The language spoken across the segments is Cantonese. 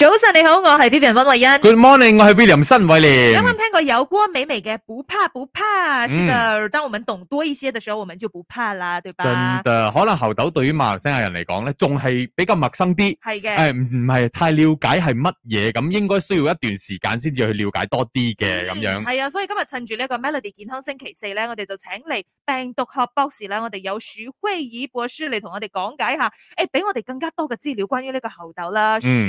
早晨你好，我係 Vivian 溫慧欣。Good morning，我係 William 申偉廉。啱啱聽過有光美美嘅不怕不怕，不怕嗯、是的。當我們懂多一些的時候，我們就不怕啦，對吧？的，可能猴痘對於馬來西亞人嚟講咧，仲係比較陌生啲，係嘅的。誒、哎，唔係太了解係乜嘢，咁應該需要一段時間先至去了解多啲嘅咁樣。係啊，所以今日趁住呢個 Melody 健康星期四咧，我哋就請嚟病毒學博士啦，我哋有鼠輝爾博士嚟同我哋講解一下，誒，俾我哋更加多嘅資料關於呢個猴痘啦，鼠、嗯。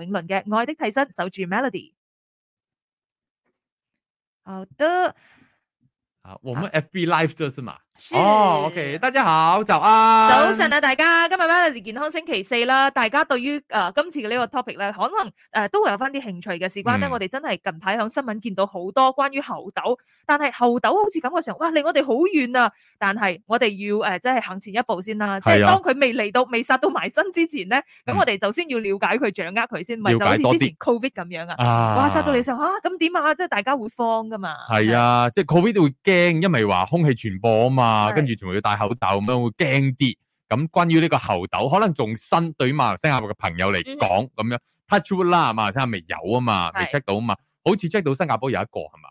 永麟嘅《愛的替身》，守住 Melody。好的，啊，我們 FB Live 這是嗎？哦，OK，大家好，就啊，早晨啊，大家，今日呢健康星期四啦。大家對於誒今次嘅呢個 topic 咧，可能誒都會有翻啲興趣嘅。事關咧，我哋真係近排響新聞見到好多關於猴痘，但係猴痘好似咁嘅時候，哇，離我哋好遠啊！但係我哋要誒即係行前一步先啦。即係當佢未嚟到、未殺到埋身之前咧，咁我哋就先要了解佢、掌握佢先，咪就好似之前 Covid 咁樣啊。哇，殺到你時候吓，咁點啊？即係大家會慌噶嘛？係啊，即係 Covid 都會驚，因為話空氣傳播啊嘛。啊，跟住全部要戴口罩咁樣的會驚啲。咁關於呢個猴痘可能仲新，對於馬來西亞嘅朋友嚟講，咁、嗯、哼樣 touch wood 啦，係嘛，聽係未有啊嘛，未 check 到啊嘛，好似 check 到新加坡有一個係嘛。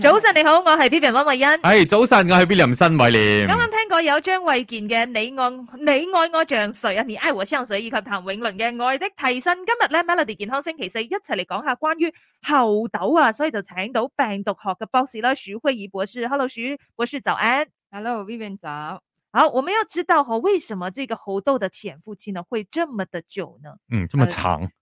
早晨，你好，我係 Vivian 溫慧欣。係、哎、早晨，我係 v i v i a n 新偉廉。啱啱聽過有張衛健嘅你愛你愛我像誰啊，你愛我像誰，以及譚詠麟嘅愛的替身。今日咧 Melody 健康星期四一齊嚟講下關於猴痘啊，所以就請到病毒學嘅博士啦，徐輝儀博士。Hello，徐博士早安。Hello，Vivian 早。好，我們要知道嗬、啊，為什麼這個猴痘的潛伏期呢會這麼的久呢？嗯，這麼長。呃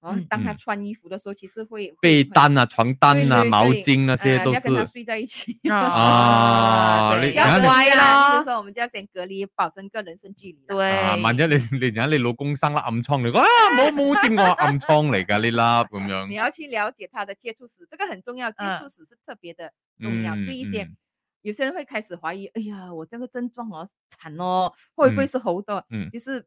然後，當他穿衣服的時候，其實會被單啊、床單啊、毛巾那些都要跟他睡在一起啊。隔離啦，所以說我們就要先隔離，保持個人身距離。對，萬一你你等下你老公生了暗瘡，你講啊，冇冇見過暗瘡嚟噶你啦，你要去了解他的接觸史，這個很重要。接觸史是特別的重要。對一些有些人會開始懷疑，哎呀，我這個症狀好慘哦，會不會是猴痘？嗯，就是。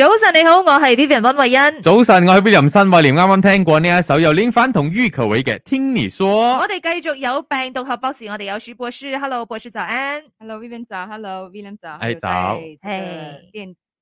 早晨你好，我是 Vivian 溫慧欣。早晨，我係 William 新慧廉。啱啱聽過呢一首由林峯同郁可唯嘅《聽你說》。我哋繼續有病毒學博士，我哋有徐博士。Hello，博士早安。Hello，Vivian 早。Hello，Vivian 早。Hey, hey, 早。嘿，電。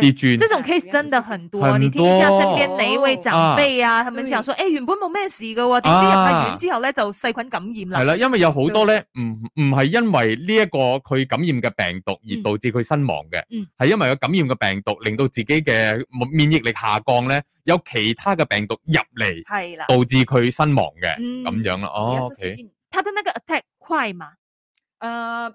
對，這種 case 真的很多，你聽一下身邊哪一位長輩啊，他們講說，誒，原本冇咩事噶，點知入院之後咧就細菌感染啦。係啦，因為有好多咧，唔唔係因為呢一個佢感染嘅病毒而導致佢身亡嘅，係因為佢感染嘅病毒令到自己嘅免疫力下降咧，有其他嘅病毒入嚟，係啦，導致佢身亡嘅咁樣啦。哦，他的那個 attack 快嘛？誒。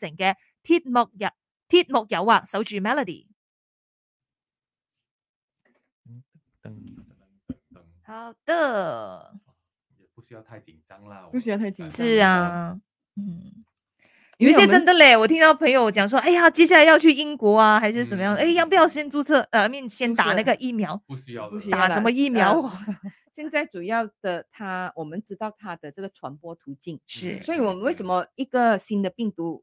t i 鐵木 o k 木誘惑守住 melody。好的，也不需要太緊張啦，不需要太緊張。是啊，嗯，有一些真的嘞。我聽到朋友講說，哎呀，接下來要去英國啊，還是怎麼樣？哎要不要先注冊，呃，面先打那個疫苗？不需要，不需要打什麼疫苗。現在主要的，它，我們知道它的這個傳播途徑，是，所以我們為什麼一個新的病毒？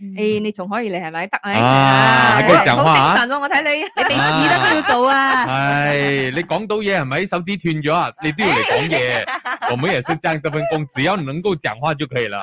誒，你仲可以嚟，係咪得啊？正常啊，我睇你，你地屎都都要做啊。係，你講到嘢係咪？手指斷咗啊？你都要嚟講嘢。我們也是幹這份工，只要你能夠講話就可以了。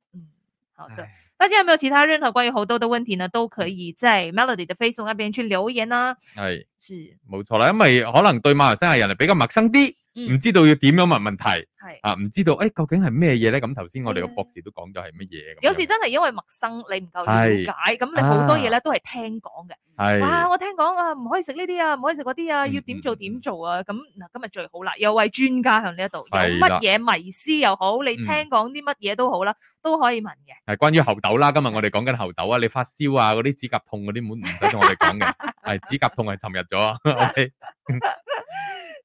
好的，大家有沒有其他任何關於猴痘的問題呢？都可以在 Melody 的 Facebook 那邊去留言啊。係是，是冇錯啦，因為可能對馬來西亞人嚟，比較陌生啲。唔知道要點樣問問題，係啊，唔知道誒，究竟係咩嘢咧？咁頭先我哋個博士都講咗係乜嘢？有時真係因為陌生，你唔夠了解，咁你好多嘢咧都係聽講嘅。係啊，我聽講啊，唔可以食呢啲啊，唔可以食嗰啲啊，要點做點做啊？咁嗱，今日最好啦，有位專家喺呢一度，有乜嘢迷思又好，你聽講啲乜嘢都好啦，都可以問嘅。係關於猴痘啦，今日我哋講緊猴痘啊，你發燒啊，嗰啲指甲痛嗰啲，唔使同我哋講嘅，係指甲痛係尋日咗。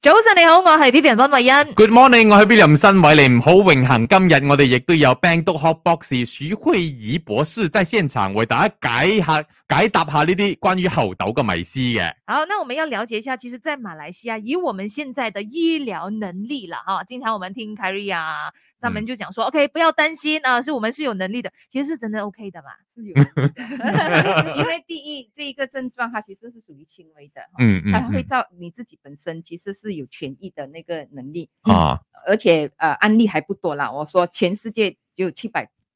早晨你好，我係 B B 林溫慧欣。Good morning，我係 B B 林新偉，唔好榮幸，今日我哋亦都有病毒學博士、oh ok、徐慧儀博士在現場為大家解一下。解答下呢啲關於猴痘嘅迷思嘅。好，那我們要了解一下，其實，在馬來西亞以我們現在的醫療能力啦，哈、啊，經常我們聽 Carrie 啊，他們就講說、嗯、，OK，不要擔心啊，是我們是有能力的，其實是真的 OK 的嘛。是有，因為第一，這一個症狀，它其實是屬於輕微的，嗯，嗯它會照你自己本身其實是有痊愈的那個能力啊，嗯、而且，呃，案例還不多啦，我說全世界只有七百。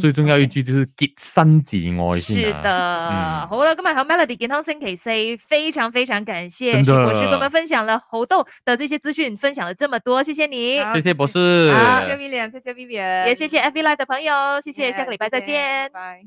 最重要一句就是潔身自愛。是的，嗯、好啦，今日好 Melody 健康星期四，非常非常感謝徐博士咁樣分享了猴痘的這些資訊，分享了這麼多，謝謝你，好謝謝博士，好，謝謝 Vivian 好謝謝 Vivian，謝謝 Vivian，也謝謝 F V Life 的朋友，謝謝，yeah，下個禮拜再見，拜。